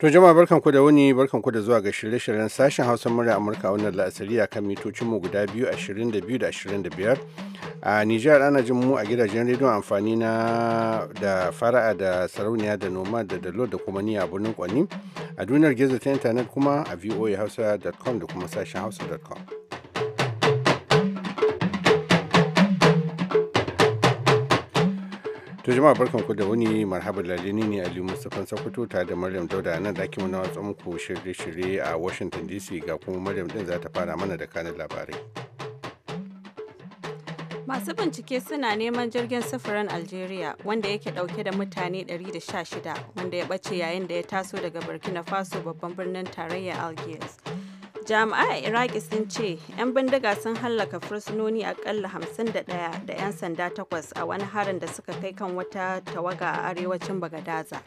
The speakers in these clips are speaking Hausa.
To jama'a barkanku da barkan barkanku da zuwa ga shirye-shiryen sashen Hausa murya Amurka wannan la'asari a kan mu guda biyu ashirin da biyu da da ashirin biyar A Nijar ana jin mu a gidajen rediyon amfani na da fara'a da sarauniya da noma da dalo da kuma niya birnin kwani. A duniyar gizo ta intanet kuma a voahausa.com da kuma sashen hausa.com. To jama'a barkan ku da wani marhaba lalini ne ali Mustapha Sokoto tare da Maryam Dauda nan daki muna watsa muku shirye-shirye a Washington DC ga kuma Maryam din za ta fara mana da kanin labarai. Masu bincike suna neman jirgin sufurin Algeria wanda yake dauke da mutane 116 wanda ya bace yayin da ya taso daga Burkina Faso babban birnin tarayyar Algiers. jami'ai a iraki sun ce 'yan bindiga sun hallaka fursunoni akalla 51 da 'yan sanda takwas a wani harin da suka kai kan wata tawaga a arewacin bagadaza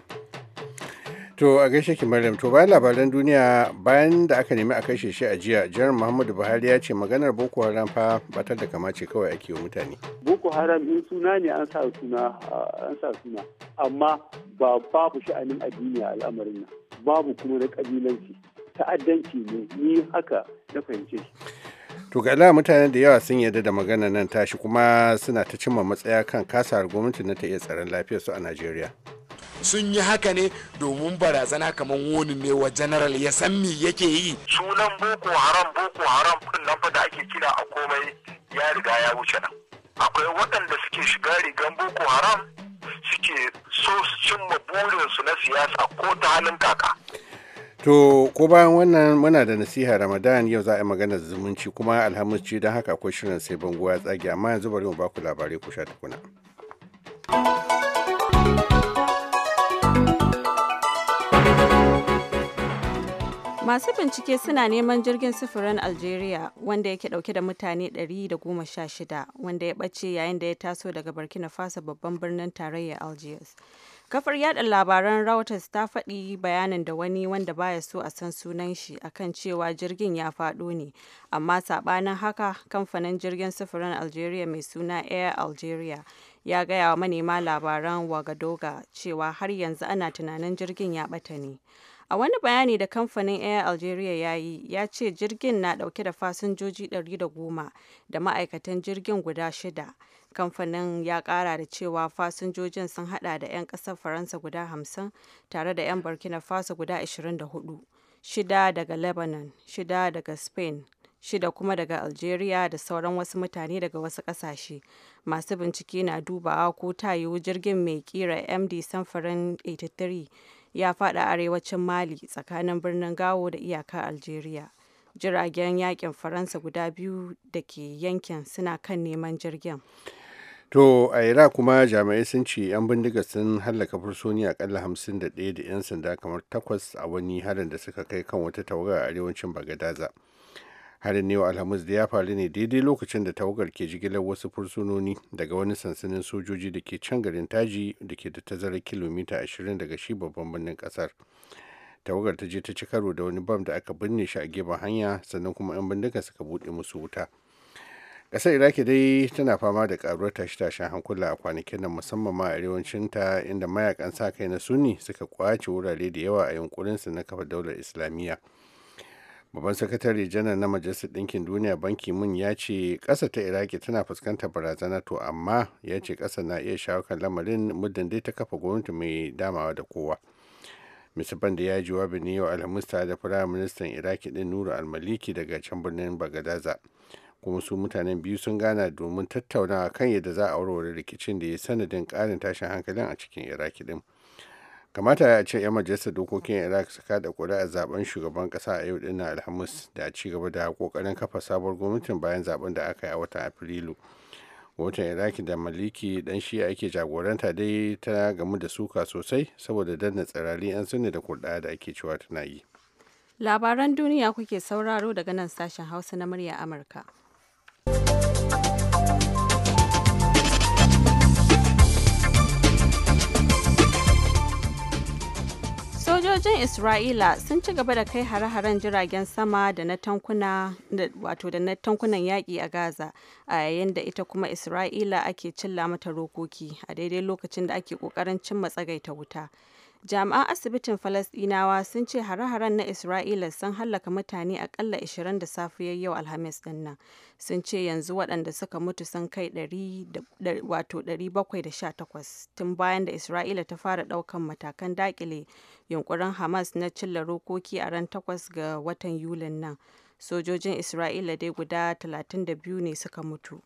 to a gaishe ki maryam to bayan labaran duniya bayan da aka nemi a kashe shi a jiya jiran muhammadu buhari ya ce maganar boko haram fa batar da kama kawai ake mutane boko haram in suna ne an sa suna amma ba babu sha'anin addini a al'amarin nan babu kuma na kabilanci ta'addanci ne ni haka na fahimce shi to ga mutane da yawa sun yarda da magana nan tashi kuma suna ta cimma matsaya kan kasar gwamnati na ta iya tsaron lafiyarsu a najeriya sun yi haka ne domin barazana kamar wani ne wa general ya san me yake yi sunan boko haram boko haram din nan fa da ake kira a komai ya riga ya wuce nan akwai waɗanda suke shiga rigan boko haram suke so su cimma burinsu na siyasa ko ta halin kaka To ko bayan wannan muna da nasiha Ramadan yau za a yi magana zumunci kuma alhamis ce don haka akwai shirin sai bango ya tsage amma yanzu bari mu baku labarai ku sha tukuna. Masu bincike suna neman jirgin sufurin Algeria wanda yake dauke da mutane 116 wanda ya ɓace yayin da ya taso daga Burkina Faso babban birnin tarayyar Algiers. Kafar yada labaran Reuters ta faɗi bayanin da wani wanda baya so a san sunan shi akan cewa jirgin ya faɗo ne, amma sabanin haka kamfanin jirgin sufurin Algeria mai suna Air Algeria ya gaya wa manema labaran Wagadoga cewa har yanzu ana tunanin jirgin ya ɓata ne. A wani bayani da kamfanin Air Algeria ya yi, ya ce jirgin na dauke da fasinjoji 110 da ma'aikatan jirgin guda shida. Kamfanin ya kara da cewa fasinjojin sun hada da 'yan kasar Faransa guda hamsin, tare da 'yan Burkina Faso guda 24, shida daga Lebanon, shida daga Spain, shida kuma daga Algeria da sauran wasu mutane daga wasu kasashe. Masu bincike na dubawa ko ta yiwu jirgin mai kira MD samfurin 83 ya fada arewacin Mali tsakanin birnin Gawo da iyakar Algeria. Jiragen yakin Faransa guda biyu da ke yankin suna kan neman jirgin. To a Iraq kuma jami'ai sun ce 'yan bindiga sun hallaka fursoni akalla 51 da 'yan sanda kamar takwas a wani harin da suka kai kan wata tawaga a arewacin Bagadaza. harin ne alhamis da ya faru ne daidai lokacin da tawagar ke jigilar wasu fursunoni daga wani sansanin sojoji da ke can garin taji da ke da tazarar kilomita 20 daga shi babban birnin kasar tawagar ta je ta ci karo da wani bam da aka binne shi a gefen hanya sannan kuma 'yan bindiga suka buɗe musu wuta ƙasar iraki dai tana fama da ƙaruwar tashe-tashen hankula a kwanakin nan musamman ma a arewacin ta inda mayakan sa kai na suni suka kwace wurare da yawa a yunkurinsu na kafa daular islamiyya babban sakatare janar na majalisar ɗinkin duniya banki mun ya ce ƙasa ta iraki tana fuskantar barazana to amma ya ce ƙasa na iya shawo kan lamarin muddin dai ta kafa gwamnati mai damawa da kowa mr banda ya jawabi ne yau alhamis da firayim ministan iraki ɗin nuru almaliki daga can birnin bagadaza kuma su mutanen biyu sun gana domin tattaunawa kan yadda za a warware rikicin da ya sanadin ƙarin tashin hankalin a cikin iraki ɗin kamata ya ce 'yan majalisar dokokin iraq su kada kuri'a zaben shugaban kasa a yau na alhamis da a ci gaba da kokarin kafa sabuwar gwamnatin bayan zaben da aka yi a watan afrilu watan iraq da maliki dan shi ake jagoranta dai ta gamu da suka sosai saboda danna tsirari 'yan sunni da kurɗa da ake cewa tana yi labaran duniya kuke sauraro daga nan sashen hausa na murya amurka Sojojin Isra'ila sun ci gaba da kai hare-haren jiragen sama da na tankuna wato da na tankunan yaƙi a Gaza a yayin da ita kuma Isra'ila ake cilla mata rokoki a daidai lokacin da ake ƙoƙarin cimma tsagaita wuta. Jami'an asibitin Falasɗinawa sun ce hare-haren na Isra'ila sun hallaka mutane akalla 20 da safiyar yau Alhamis dinnan. Sun ce yanzu waɗanda suka mutu sun kai 718 tun bayan da Isra'ila ta fara ɗaukan matakan dakile yunkurin Hamas na cilla rokoki a ran 8 ga watan Yulin nan. Sojojin Isra'ila dai guda 32 ne suka mutu.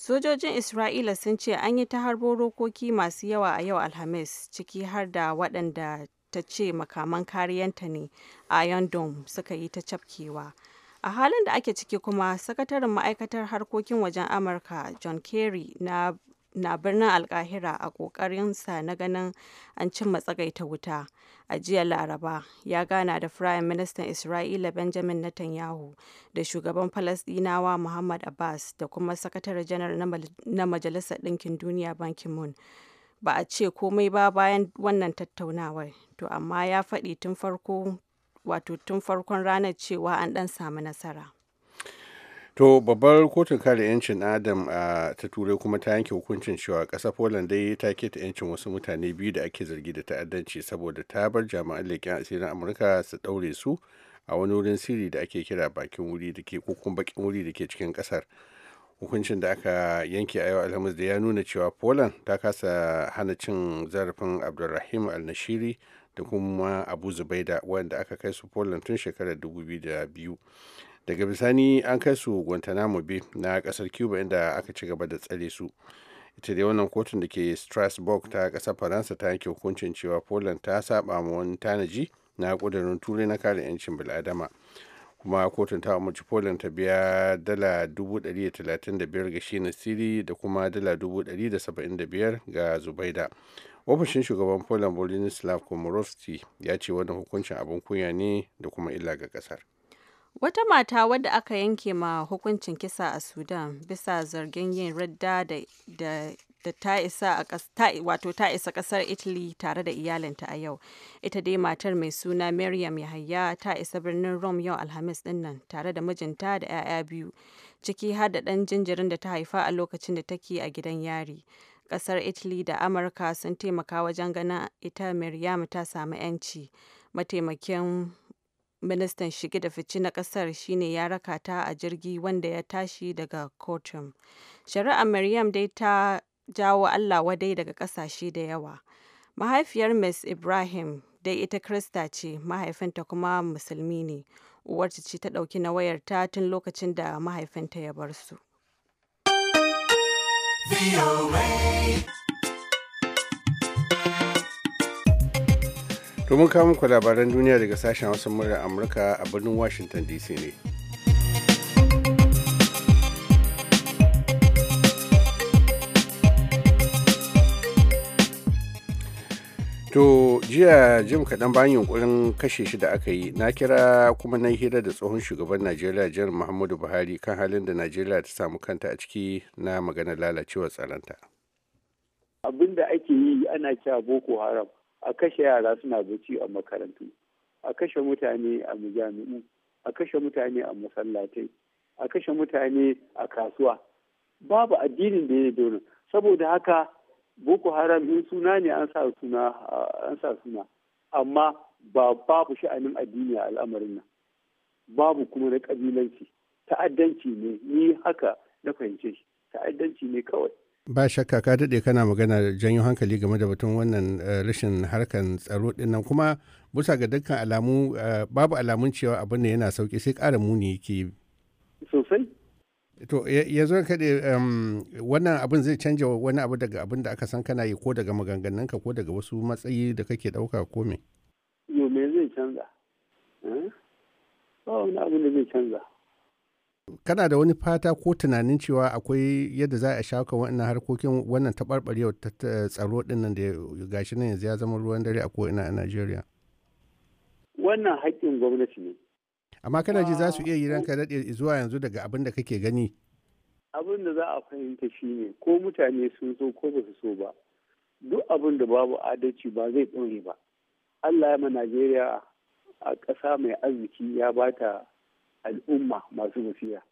Sojojin Isra'ila sun ce an yi ta harbo rokoki masu yawa a yau Alhamis, ciki har da waɗanda ta ce makaman kariyanta ne a Dome suka yi ta cafkewa. A halin da ake ciki kuma, sakataren ma'aikatar harkokin wajen Amurka John Kerry na na birnin alkahira a sa na ganin an cimma matsagaita wuta a jiya laraba ya gana da firayim ministan isra'ila benjamin netanyahu da shugaban falasdinawa muhammad abbas da kuma sakatare janar na majalisar ɗinkin duniya ban moon ba a ce komai ba bayan wannan tattaunawar to amma ya faɗi tun farko wato tun farkon ranar cewa an ɗan samu nasara To babbar kotun kare 'yancin Adam a ta turai kuma ta yanke hukuncin cewa ƙasar Poland dai ta keta 'yancin wasu mutane biyu da ake zargi da ta'addanci saboda ta bar jami'an leƙen asirin Amurka su ɗaure su a wani wurin sirri da ake kira bakin wuri da ke kokon bakin wuri da ke cikin ƙasar. Hukuncin da aka yanke a yau Alhamis da ya nuna cewa Poland ta kasa hana cin zarafin Abdulrahim Al-Nashiri da kuma Abu Zubaida wanda aka kai su Poland tun shekarar 2002. daga bisani an kai su guantanamo bay na kasar cuba inda aka ci gaba da tsare su ita dai wannan kotun da ke strasbourg ta kasar faransa ta yanke hukuncin cewa poland ta saba ma wani tanaji na kudurin turai na kare 'yancin bil'adama kuma kotun ta umarci poland ta biya dala 135 ga shi siri da kuma dala 175 ga zubaida ofishin shugaban poland bolinislav komorowski ya ce wannan hukuncin abin kunya ne da kuma illa ga kasar Wata mata wadda aka yanke ma hukuncin kisa a Sudan bisa zargin yin radda da, ta isa wato ta isa kasar Italy tare da iyalinta a yau. Ita dai matar mai suna Maryam Yahaya ta isa birnin Rome yau Alhamis dinnan tare da mijinta da 'ya'ya biyu, ciki har da ɗan jinjirin da ta haifa a lokacin da take a gidan yari. Kasar Italy da Amurka sun taimaka wajen ganin ita Maryam ta samu 'yanci. Mataimakin ministan shige da fice na kasar shine ya raka ta a jirgi wanda ya tashi daga khartoum Shari'a maryam dai ta jawo allah wadai daga kasashe da yawa mahaifiyar ms ibrahim dai ita krista ce mahaifinta kuma musulmi ne uwarta ce ta ɗauki na wayarta tun lokacin da mahaifinta ya bar su domin kawo muku labaran duniya daga sashen wasu murya amurka a birnin washington dc ne to jiya jim kaɗan bayan yunkurin kashe shi da aka yi na kira kuma na hira da tsohon shugaban najeriya jan muhammadu buhari kan halin da najeriya ta samu kanta a ciki na maganar lalacewar tsaronta abinda ake yi ana cewa boko haram a kashe yara suna bacci a makarantu a kashe mutane a majami'u a kashe mutane a masallatai a kashe mutane a kasuwa babu addinin da ya dole saboda haka boko haram in suna ne an sa suna amma babu sha'anin addini a al'amarin nan babu kuma na kabilanci ta'addanci ne ni haka na fahimce shi ta'addanci ne kawai ba shakka ka daɗe kana magana janyo hankali game da batun wannan eh, rashin harkan tsaro dinnan kuma bisa ga dukkan alamu eh, babu alamun cewa abin ne yana sauki sai ƙara muni yake sosai to yanzu ka kaɗe wannan abin zai canja wani abu daga abin da aka san kana yi ko daga ka ko daga wasu matsayi da kake ɗauka ko me yo me zai canza eh? ba wani abin da zai canza kana da wani fata ko tunanin cewa akwai yadda za a shawo kan wannan harkokin wannan taɓarɓarewar tsaro ɗin nan da gashi nan yanzu ya zama ruwan dare a ko'ina a Najeriya? Wannan haƙƙin gwamnati ne. Amma kana ji za su ah, iya yi ranka daɗe zuwa yanzu daga abin da kake gani? Abin da za a fahimta shi ne ko mutane sun so ko ba su so ba. Duk abin da babu adalci ba zai ɗore ba. Allah ya ma Najeriya a ƙasa mai arziki ya bata al'umma masu musiya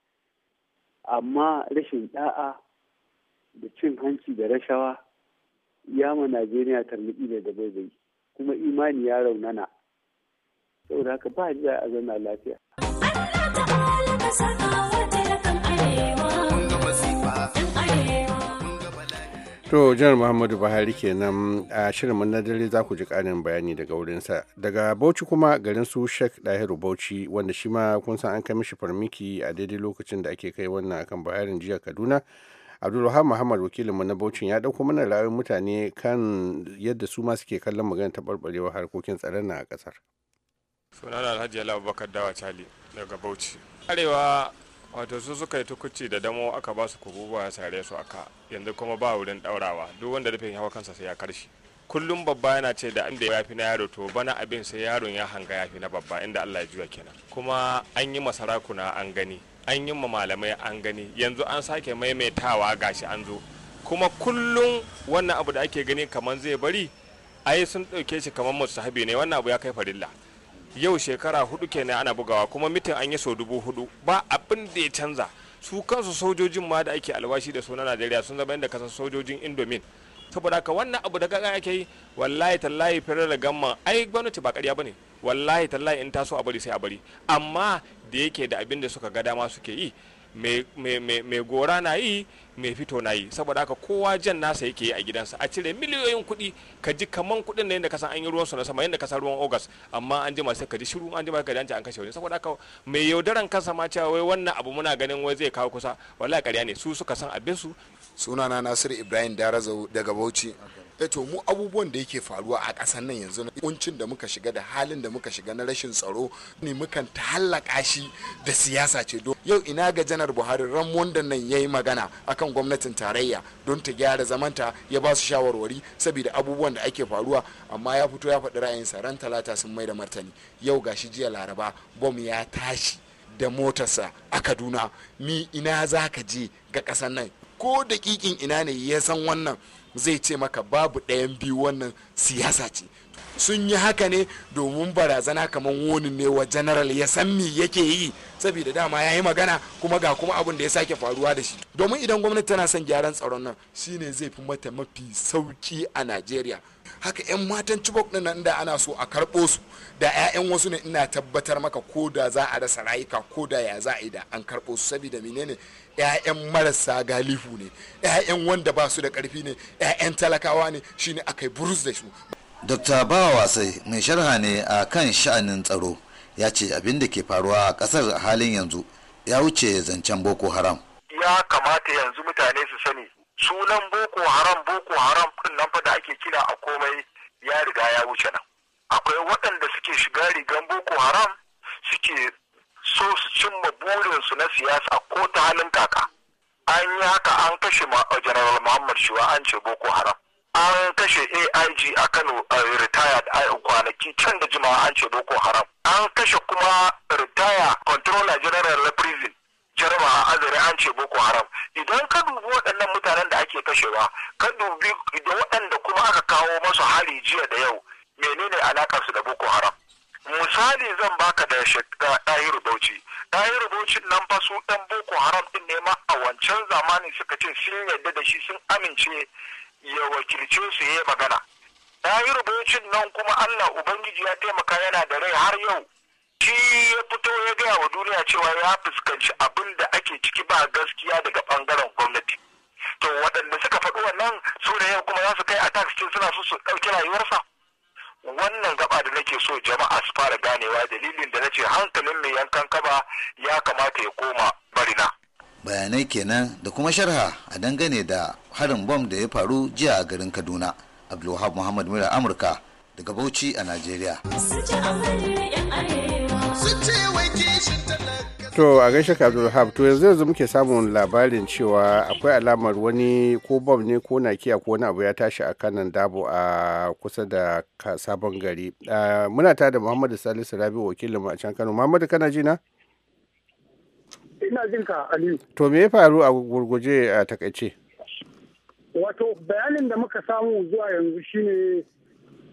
amma rashin da'a da cin hanci da rashawa ya ma najeriya ne da dabaibai kuma imani ya raunana saboda haka ba a zauna lafiya Allah ta'ala ka saka arewa to janar muhammadu buhari kenan a shirin na dare za ku ji karin bayani daga wurinsa daga bauchi kuma garin su shek dahiru bauchi wanda shi ma kun san an kai mishi farmiki a daidai lokacin da ake kai wannan akan buharin jiya kaduna abdulwahab muhammad wakilinmu na bauchi ya dauko mana ra'ayin mutane kan yadda su ma suke kallon magana taɓarɓarewar harkokin tsaron na a ƙasar sunana alhaji ya abubakar dawa cali daga bauchi arewa wato su suka yi tukuci da damo aka ba su kububuwa ya sare su aka yanzu kuma ba wurin daurawa duk wanda rufin hawa kansa sai ya karshe kullum babba yana ce da inda ya fi na yaro to bana abin sai yaron ya hanga ya fi na babba inda Allah ya juya kenan kuma an yi kuna an gani an yi ma malamai an gani yanzu an sake maimaitawa gashi an zo kuma kullum wannan abu da ake gani kamar zai bari ai sun ɗauke shi kamar musu ne wannan abu ya kai farilla yau shekara hudu kenan ana bugawa kuma mitin an yi sau dubu hudu ba abin da ya canza su kansu sojojin ma da ake alwashi da suna najeriya sun zama yadda kasan sojojin indomin saboda haka wannan abu da kaga ake yi wallahi tallahi fere da gamma ai gwamnati ba karya bane wallahi tallahi in taso a bari sai a bari amma da yake da abin da suka ga dama suke yi mai gora na yi mai fito na yi saboda haka kowa jan nasa yake a gidansa a cire miliyoyin kuɗi ka ji kaman kuɗin na yadda kasan an yi ruwan na sama yadda kasan ruwan ogas amma an jima sai ka ji shiru an jima ka ji an kashe wani saboda haka mai yaudaran kansa ma cewa wai wannan abu muna ganin wai zai kawo kusa wallahi ƙarya ne su suka san abin su sunana nasir ibrahim darazau daga bauchi Eh to mu abubuwan da yake faruwa a ƙasar nan yanzu na kuncin da muka shiga da halin da muka shiga na rashin tsaro ne mukan hallaka shi da siyasa ce don yau ina ga janar buhari ran wanda nan ya yi magana akan gwamnatin tarayya don ta gyara zamanta ya ba su shawarwari saboda abubuwan da ake faruwa amma ya fito ya faɗi ra'ayinsa ran talata sun mai da martani yau gashi jiya laraba bom ya tashi da motarsa a kaduna mi ina za ka je ga ƙasar nan ko daƙiƙin ina ne ya san wannan zai ce maka babu ɗayan biyu wannan siyasa ce sun yi haka ne domin barazana kamar wani ne wa general ya san me yake yi saboda dama ya yi magana kuma ga kuma abin da ya sake faruwa da shi domin idan gwamnati tana son gyaran tsaron nan shine zai fi mata mafi sauki a najeriya haka 'yan matan chibok na nan da ana so a karbo su da 'ya'yan wasu ne ina tabbatar maka ko da za a rasa rayuka ko da ya za a yi da an karbo su saboda menene 'ya'yan marasa galihu ne 'ya'yan wanda ba su da karfi ne 'ya'yan talakawa ne shine aka yi burus da su dr bawa wasai mai sharha ne a kan sha'anin tsaro ya ce abin da ke faruwa a ƙasar halin yanzu ya wuce zancen boko haram ya kamata yanzu mutane su sani sunan boko haram boko haram din nan fa da ake kira a komai ya riga ya wuce nan akwai waɗanda suke shiga rigan boko haram suke so su cimma burinsu na siyasa ko ta halin kaka an yi haka an kashe uh, general muhammad shiwa an ce boko haram an kashe aig a kano uh, retired uh, kwanaki can da jimawa an ce boko haram an kashe kuma retire controller general na prison a azare an ce boko haram idan ka dubi waɗannan mutanen da ake kashewa ka dubi da waɗanda kuma aka kawo masu hali jiya da yau menene alakarsu da boko haram misali zan baka da ɗahiru bauchi ɗahiru bauchi nan fa su ɗan boko haram ɗin ne ma a wancan zamanin suka ce sun yarda da shi sun amince ya wakilce su ya magana ɗahiru bauchi nan kuma allah ubangiji ya taimaka yana da rai har yau shi ya fito ya gaya wa duniya cewa ya fuskanci abin da ake ciki ba gaskiya daga ɓangaren gwamnati to waɗanda suka faɗi wannan su da yau kuma za su kai a cikin suna so su ɗauki rayuwarsa wannan gaba da nake so jama'a su fara ganewa dalilin da nace hankalin mai yankan kaba ya kamata ya koma barina bayanai kenan da kuma sharha a dangane da harin bom da ya faru jiya a garin kaduna abdulwahab muhammad mura amurka daga bauchi a najeriya sun to a gaishe ka abdulhab to yanzu yanzu muke samun labarin cewa akwai alamar wani ko bom ne ko nakiya ko wani abu ya tashi a kanan dabo a kusa da sabon gari muna ta da muhammadu salisu rabi wakilin mu a can kano muhammadu kana ji na ina jin ka Ali. to me ya faru a gurguje a takaice wato bayanin da muka samu zuwa yanzu shine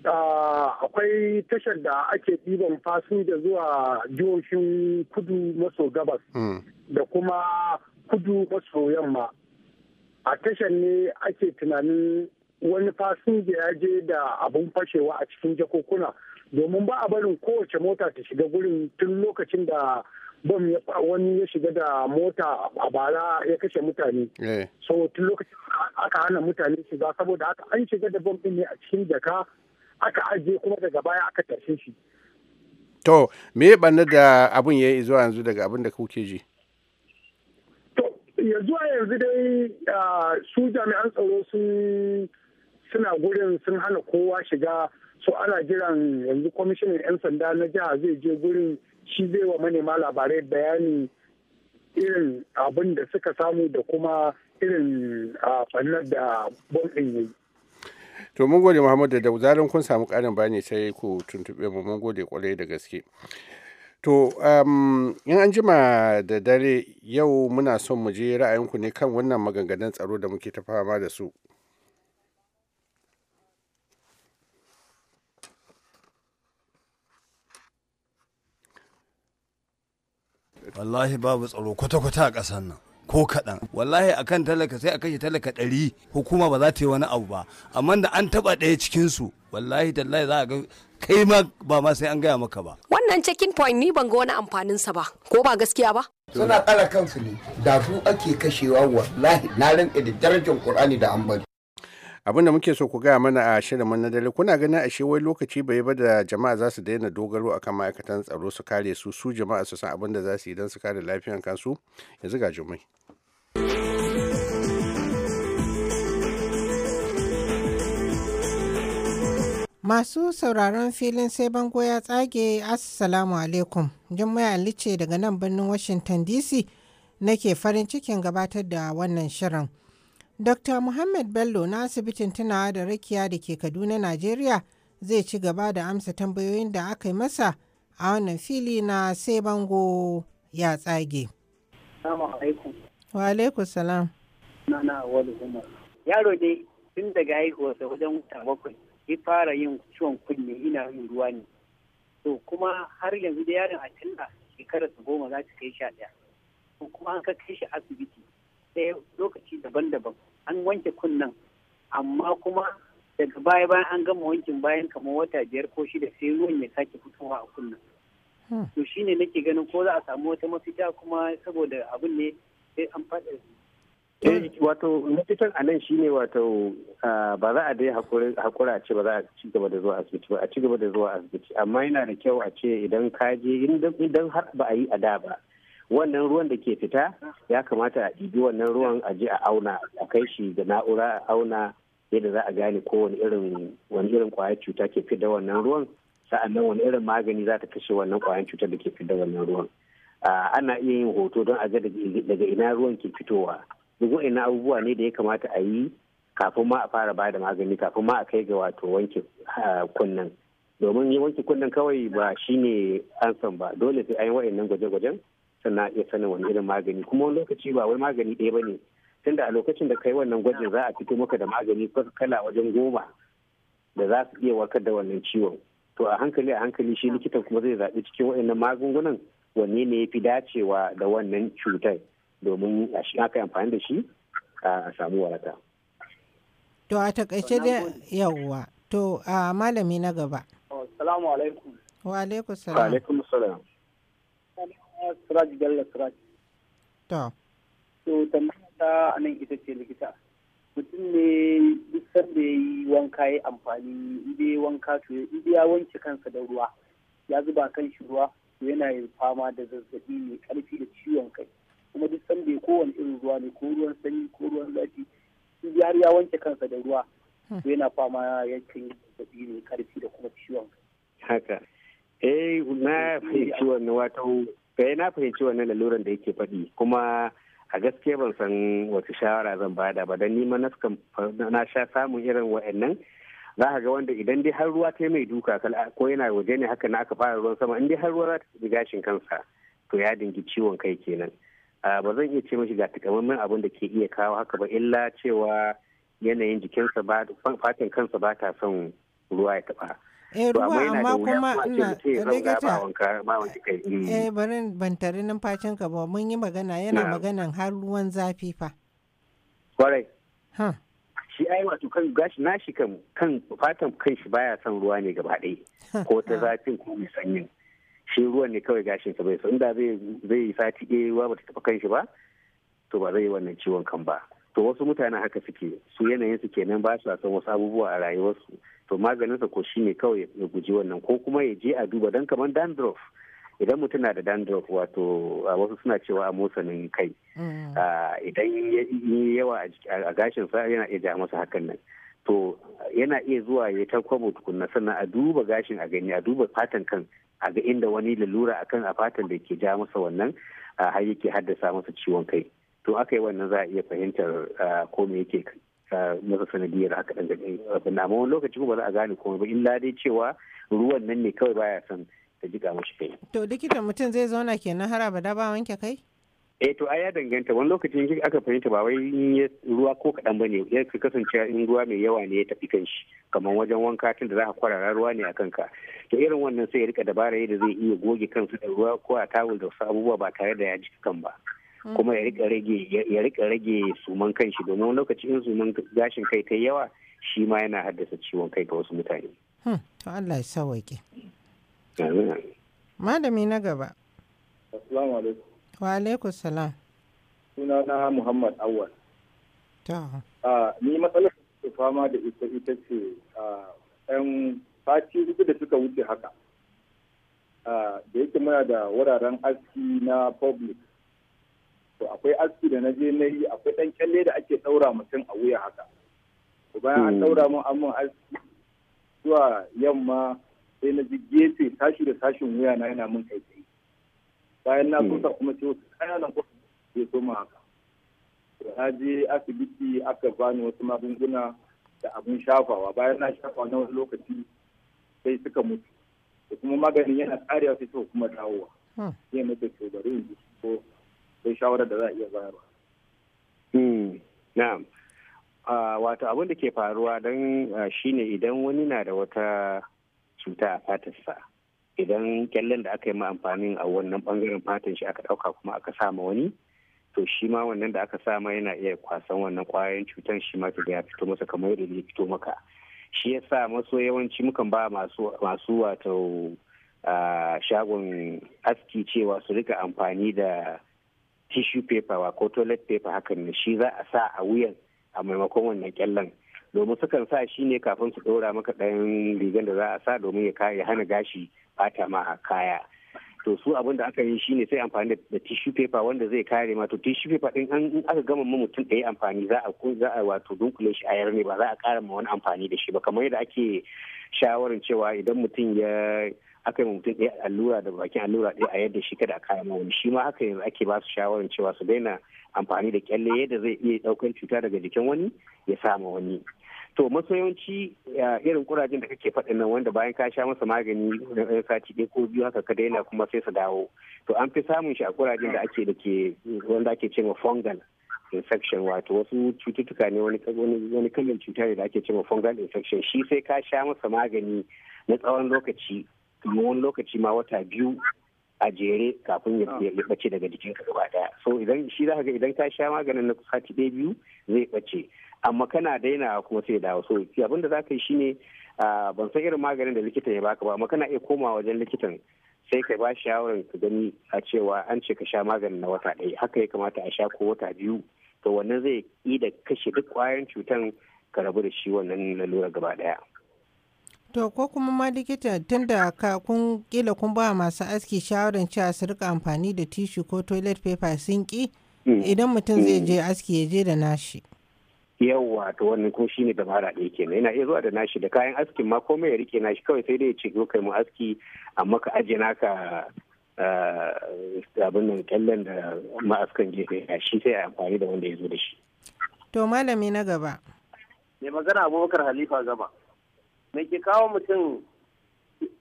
Ah, akwai tashar da ake ɗiban fasinja zuwa jihohin kudu maso gabas hmm. da kuma kudu maso yamma a tashar ne ake tunanin wani fasinja ya je da abun fashewa a cikin jakokuna domin ba a barin kowace mota ta shiga gurin tun lokacin da bom ya wani ya shiga da mota a bara ya kashe mutane eh. so tun lokacin aka hana mutane shiga saboda haka an shiga da bom ɗin ne a cikin jaka aka ajiye kuma daga baya aka tashe shi to me banna da abun ya yi zuwa yanzu daga abin da kuke ji to yanzu a yanzu dai su jami'an tsaro sun suna gurin sun hana kowa shiga so ana jiran yanzu kwamishinan 'yan sanda na jiha zai je gurin shi zai wa manema labarai bayani irin abin da suka samu da kuma irin fannar da bom ɗin yi to mun gode muhammadu da zaran kun samu ƙarin bayani sai ku tuntube mu mun gode kwarai da gaske to um, in an jima da dare yau muna son mu je ra'ayinku ne kan wannan maganganun tsaro da muke ta fama da su wallahi babu tsaro kwata-kwata a ƙasar nan ko kaɗan wallahi a kan talaka sai a kashe talaka ɗari hukuma ba za ta yi wani abu ba amma da an taɓa ɗaya cikinsu wallahi tallahi za a ga kai ma ba ma sai an gaya maka ba wannan cikin point ni ban ga wani amfanin sa ba ko ba gaskiya ba suna ƙara kansu ne da su ake kashewa wallahi na rinƙa da darajar ƙur'ani da an bari abinda muke so ku gaya mana a shirin mun na dare kuna ganin ashe wai lokaci bai ba da jama'a za su daina dogaro akan ma'aikatan tsaro su kare su su jama'a su san abin da za su yi don su kare lafiyar kansu yanzu ga jumai Masu sauraron filin sai bango ya tsage Assalamu alaikum. Jummai Ali ce daga nan birnin Washington DC nake farin cikin gabatar da wannan shirin. Dr. Muhammad Bello na asibitin tunawa da rakiya da ke Kaduna, Najeriya zai ci gaba da amsa tambayoyin da aka yi masa a wannan fili na sai bango ya tsage. Wa alaikun salam. Na na Umar. Yaro dai tun daga haihuwarsa wajen wata bakwai ya fara yin ciwon kunne ina yin ruwa ne. To kuma har yanzu da yaron a tilla shekarar su goma za ta kai sha ɗaya. To kuma an ka kai shi asibiti sai lokaci daban-daban an wanke kunnen amma kuma daga baya bayan an gama wankin bayan kamar wata biyar ko shida sai ruwan ya sake fitowa a kunnen hmm. to shine nake ganin ko za a samu wata mafita kuma saboda abin ne sai an faɗa eh, wato mafitan a nan shine wato ba za a dai hakura ce ba za a ci gaba da zuwa asibiti ba a ci gaba da zuwa asibiti amma yana da kyau a ce idan ka je idan har ba a yi a da ba wannan ruwan da ke fita ya kamata a ɗibi wannan ruwan a je a auna a kai shi da na'ura a auna yadda za a gane ko wani irin wani irin kwayar cuta ke fidda wannan ruwan sa'annan wani irin magani za ta kashe wannan kwayar cutar da ke fidda wannan ruwan ana iya yin hoto don a ga daga ina ruwan ke fitowa duk ina abubuwa ne da ya kamata a yi kafin ma a fara bada magani kafin ma a kai ga wato wanke kunnen domin wanke kunnen kawai ba shine an san ba dole sai an yi wa'annan gwaje-gwajen sannan a iya sanin wani irin magani kuma wani lokaci ba wai magani ɗaya bane tunda a lokacin da kai wannan gwajin za a fito maka da magani kala wajen goma da za su iya warkar da wannan ciwon to a hankali a hankali shi likitan kuma zai zaɓi cikin waɗannan magungunan wanne ne ya fi dacewa da wannan cutar domin a shi aka amfani da shi a samu waraka. To a takaice da yawwa to a malami na gaba. Salamu alaikum. Wa alaikum salam. Wa alaikum salam. Siraj Bello Siraj. Ta. To tambaya ta anan ita ce likita. Mutum ne duk sanda ya yi wanka ya amfani inda ya wanka to inda ya wanke kansa da ruwa ya zuba kan shi ruwa to yana yin fama da zazzabi mai karfi da ciwon kai kuma duk sanda ya kowane irin ruwa ne ko ruwan sanyi ko ruwan zafi in har ya wanke kansa da ruwa to yana fama yakin zazzabi mai karfi da kuma ciwon kai. Haka. Eh na fahimci wannan wato yi eh, na fahimci wannan laluran da yake faɗi kuma a gaskiya ban san wata shawara zan bada ba don ni ma na sha samun irin wa'annan za ka ga wanda idan dai har ruwa ta mai duka ko yana waje ne haka na aka fara ruwan sama in dai har ruwa za ta shiga gashin kansa to ya dingi ciwon kai kenan ba zan iya ce mashi ga takamaiman abin da ke iya kawo haka ba illa cewa yanayin jikinsa ba fatan kansa ba ta son ruwa ya taɓa. eh ruwa amma kuma ina rigata eh, eh. eh bari ban tare numfashin ka ba mun yi magana yana maganan har ruwan zafi fa kwarai ha shi ai wato kan gashi na shi kan kan fatan kan shi baya son ruwa ne gaba ɗaya ko ta zafin ko mai sanyin shi ruwan ne kawai gashin ka bai so inda zai zai sati eh ruwa ba ta tafi kan shi ba to ba zai yi wannan ciwon kan ba to wasu mutane haka suke su yanayin su kenan ba su san wasu abubuwa a rayuwarsu to maganinsa ko shine kawai ya guji wannan ko kuma ya je a duba dan kaman dandruff idan mutum na da dandruff wato wasu suna cewa a motsanin kai mm. idan yi yawa a gashin sa yana iya ja masa hakan nan to yana iya zuwa ya ta kwabo tukunna sannan a duba gashin a gani a duba fatan kan a ga inda wani lalura akan a fatan da ke ja masa wannan har yake haddasa masa ciwon kai to aka yi wannan za a iya fahimtar ah, ko me yake ah, masa sanadiyar haka ɗan gani abin amma wani lokaci kuma ba za a gane komai ba illa dai cewa ruwan nan ne kawai baya son ta jiƙa mashi kai. to likita mutum zai zauna kenan har abada ba wanke kai. eh to a ya danganta wani lokaci in aka fahimta ba wai in ruwa ko kaɗan ba ne ya kasance in ruwa mai yawa ne ya tafi kan shi kamar wajen wanka tun da za ka kwarara ruwa ne a ka to irin wannan sai ya rika dabara da zai iya goge kansu da ruwa ko a tawul da wasu abubuwa ba tare da ya jika kan ba. Mm. kuma ya rika rage ya rika rage suman kan shi domin wani lokaci in suman gashin kai ta yawa shi ma yana haddasa ciwon kai ga wasu mutane hmm, to Allah ya sauke malami na gaba assalamu alaikum wa alaikum salam suna na Muhammad Awwal to ni matsalar da fama da ita ita ce ɗan sati uku da suka wuce haka da yake muna da wuraren aski na public to akwai aski da na je na yi akwai ɗan kyalle da ake ɗaura mutum a wuya haka to bayan an hmm. ɗaura mun an aski zuwa yamma sai na ji gefe tashi da tashin wuya na yana mun kai tsaye bayan na hmm. kusa kuma ce wasu na kuma ya soma haka na je asibiti aka bani wasu magunguna da abin shafawa bayan na shafawa na wani lokaci sai suka mutu da kuma maganin yana karewa sai suka kuma dawowa hmm. sai na da to bari ko sai shawarar da za a iya bayarwa. Hmm, na'am. Ah, wato abin da ke faruwa don ah, shine idan wani na da wata cuta a fatarsa idan kyallen da aka yi ma amfanin a wannan bangaren fatan shi aka dauka kuma aka sama wani to shi ma wannan da aka sama yana iya kwasan wannan kwayoyin cutar shi ma ya fito masa kamar yadda ya fito maka shi ya sa maso yawanci mukan ba masu wato ah, shagon aski cewa su rika amfani da tissue paper wa ko toilet paper hakan ne shi za a sa a wuyan a maimakon wannan kyallan domin sukan sa shi ne kafin su ɗora maka ɗayan rigar da za a sa domin ya hana gashi bata ma a kaya to su abin da aka yi shi ne sai amfani da tissue paper wanda zai kare ma to tissue paper din an aka gama ma mutum ɗaya amfani za a za a wato dunkule shi a yar ne ba za a ƙara ma wani amfani da shi ba kamar yadda ake shawarin cewa idan mutum ya aka yi mutum ɗaya allura da bakin allura ɗaya a yadda shi kada a kayan wani shi ma haka yanzu ake ba su shawarar cewa su daina amfani da kyalle yadda zai iya ɗaukar cuta daga jikin wani ya sa ma wani to masoyanci irin kurajen da kake faɗin nan wanda bayan ka sha masa magani na ɗan sati ɗaya ko biyu haka ka daina kuma sai su dawo to an fi samun shi a kurajen da ake da ke wanda ake cewa fungal infection wato wasu cututtuka ne wani wani kalmar cuta ne da ake cewa fungal infection shi sai ka sha masa magani na tsawon lokaci domin lokaci ma wata biyu a jere kafin ya bace daga jikinka gaba daya so idan shi za ka ga idan ka sha maganin na sati ɗaya biyu zai bace amma kana daina kuma sai dawo so abin da za ka yi shine ban san irin maganin da likita ya baka ba amma kana iya koma wajen likitan sai ka ba shawarar ka gani a cewa an ce ka sha maganin na wata ɗaya haka ya kamata a sha ko wata biyu to wannan zai yi da kashe duk kwayan cutan ka rabu da shi wannan lalura gaba daya To ko kuma ma likita tunda ka kun kila kun ba masu aski shawarar cewa su rika amfani da tishu ko toilet paper sun ki mm. idan mutum zai mm. je aski ya je da nashi. Yawwa to wannan shi ne dabara ɗaya kenan yana iya zuwa da nashi da kayan askin ma komai ya rike nashi kawai sai dai ya ce zo kai mu aski amma ka aje naka eh, abin nan kyallen da ma'askan gefe ya shi sai a amfani da wanda ya zo da shi. To malami na gaba. Mai magana Abubakar Halifa gaba me ke kawo mutum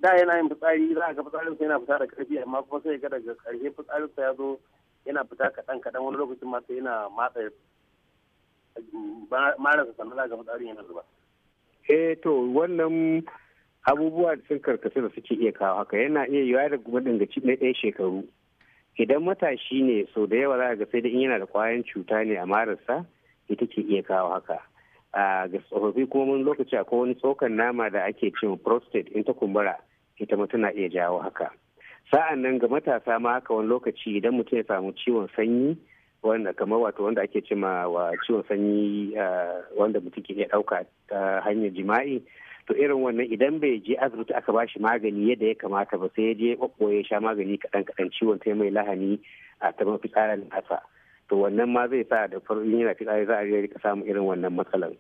da yana yin fitsari za ga fitsarinsa yana fita da karfi amma kuma sai ga daga karshe fitsarinsa ya zo yana fita kaɗan kaɗan wani lokacin ma sai yana matsa marasa sannan ga fitsarin yana zuba. eh to wannan abubuwa sun karkace da suke iya kawo haka yana iya yiwa da madangaci na ɗaya shekaru idan matashi ne sau da yawa za ga sai da in yana da kwayan cuta ne a marasa ita ke iya kawo haka ga tsofaffi kuma mun lokaci akwai wani tsokan nama da ake cewa prostate in ta kumbura ita ma tana iya jawo haka sa'an nan ga matasa ma haka wani lokaci idan mutum ya samu ciwon sanyi wanda kamar wato wanda ake cima wa ciwon sanyi wanda mutum ke iya ɗauka ta hanyar jima'i to irin wannan idan bai je asibiti aka bashi magani yadda ya kamata ba sai ya je ya sha magani kaɗan kaɗan ciwon ta mai lahani a ta mafi tsarin nasa to wannan ma zai sa da farin yana fitsari za a rika samun irin wannan matsalan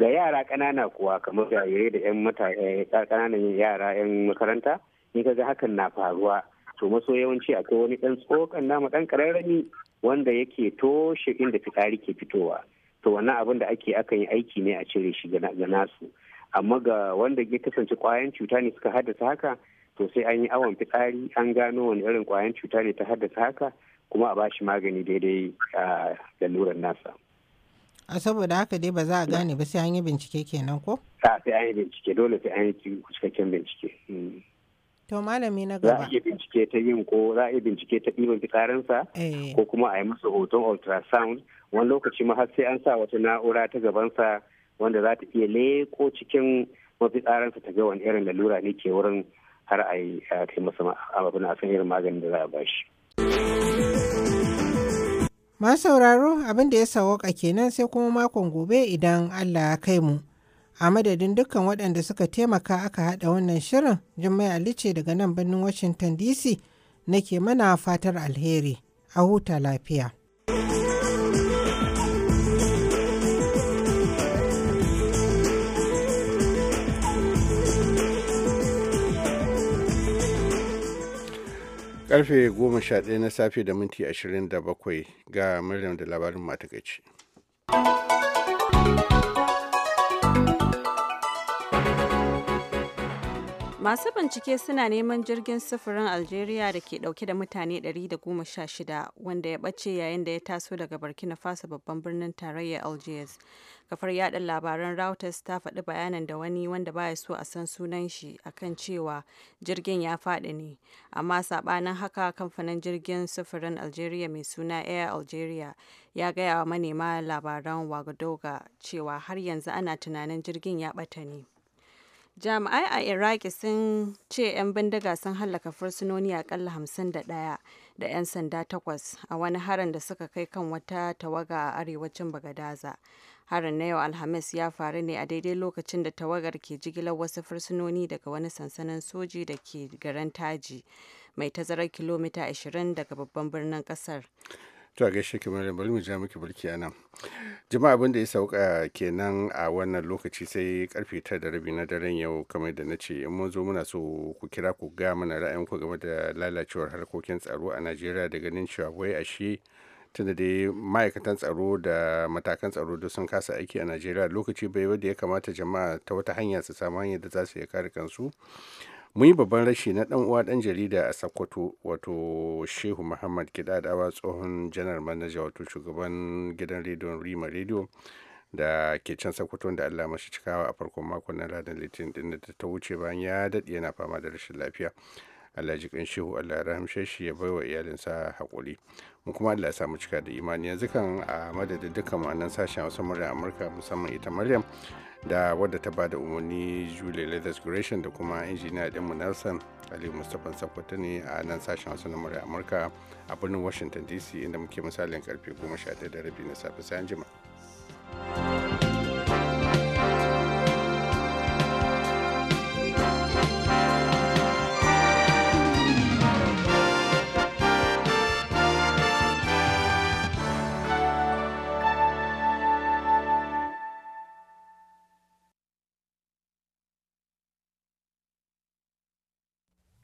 ga yara ƙanana kuwa kamar jarirai da yan mata eh, ƙananan yara yan makaranta in ka ga hakan na faruwa to maso yawanci akwai wani ɗan tsokan nama ɗan ƙararrami wanda yake toshe inda fitsari ke fitowa to wannan abin da ake akan yi aiki ne a cire shi ga nasu amma ga wanda ya kasance kwayan cuta ne suka haddasa haka to sai an yi awon fitsari an gano wani irin kwayan cuta ne ta haddasa haka kuma a bashi magani daidai a laluran nasa a saboda haka dai ba za a gane ba sai an yi bincike kenan ko a sai an yi bincike dole sai an yi cikakken bincike mm. to malami na gaba za a iya bincike ta yin ko za a iya bincike ta ɗiban fitsarinsa eh. ko kuma a yi masa hoton ultrasound wani lokaci ma har sai an sa wata na'ura ta gabansa wanda za ta iya leko cikin mafitsaransa ta ga wani irin lalura ne ke wurin har a yi kai masa abin a san irin maganin da za a bashi. Ma sauraro abin da ya sawaka kenan sai kuma makon gobe idan Allah ya kai mu. A madadin dukkan waɗanda suka taimaka aka haɗa wannan shirin, Jummai Ali ce daga nan birnin Washington DC nake mana fatar alheri. A huta lafiya. Karfe goma sha ɗaya na safe da minti ashirin da bakwai ga Maryam da labarin matakaici. Masu bincike suna neman jirgin sufurin Algeria da ke dauke da mutane 116 wanda ya bace yayin da ya taso daga Burkina Faso babban birnin tarayyar Algiers. Kafar yada labaran Reuters ta faɗi bayanan da wani wanda baya so a san sunan shi akan cewa jirgin ya faɗi ne. Amma sabanin haka kamfanin jirgin sufurin Algeria mai suna Air Algeria ya gaya wa manema labaran Wagadoga cewa har yanzu ana tunanin jirgin ya ɓata ne. Jami'ai a Iraki sun ce 'yan bindiga sun hallaka fursunoni akalla hamsin da da 'yan sanda takwas a wani harin da suka kai kan wata tawaga a arewacin Bagadaza. Harin na yau Alhamis ya faru ne a daidai lokacin da tawagar ke jigilar wasu fursunoni daga wani sansanin soji da ke garin Taji mai tazarar kilomita 20 daga babban birnin kasar. to a gaishe kamar da bari mu ja miki bulki anan jama'a abin da ya sauka kenan a wannan lokaci sai karfe tara da rabi na daren yau kamar da na ce in mun zo muna so ku kira ku ga mana ra'ayin ku game da lalacewar harkokin tsaro a najeriya da ganin cewa wai ashe tunda da ma'aikatan tsaro da matakan tsaro da sun kasa aiki a najeriya lokaci bai wanda ya kamata jama'a ta wata hanya su samu hanyar da za su iya kare kansu mun yi babban rashi na dan uwa dan jarida a sakkwato wato Shehu Muhammad Kidadawa tsohon janar manaja wato shugaban gidan rediyon Rima rediyo da ke can Sokoto da Allah mashi cikawa a farkon makon na ranar Litinin din da ta wuce bayan ya daɗe yana fama da rashin lafiya. Allah ji shehu Allah rahamshe shi ya baiwa iyalinsa haƙuri mu kuma Allah ya samu cika da imani yanzu kan a madadin dukkan ma'anan sashen wasu murya Amurka musamman ita Maryam da wadda ta bada umarni julie leathers gration da kuma injiniya dinmu nelson ali mustapha sakwata ne a nan sashen wasu na murya amurka a birnin washington dc inda muke misalin karfe 11:30 na safe sayan an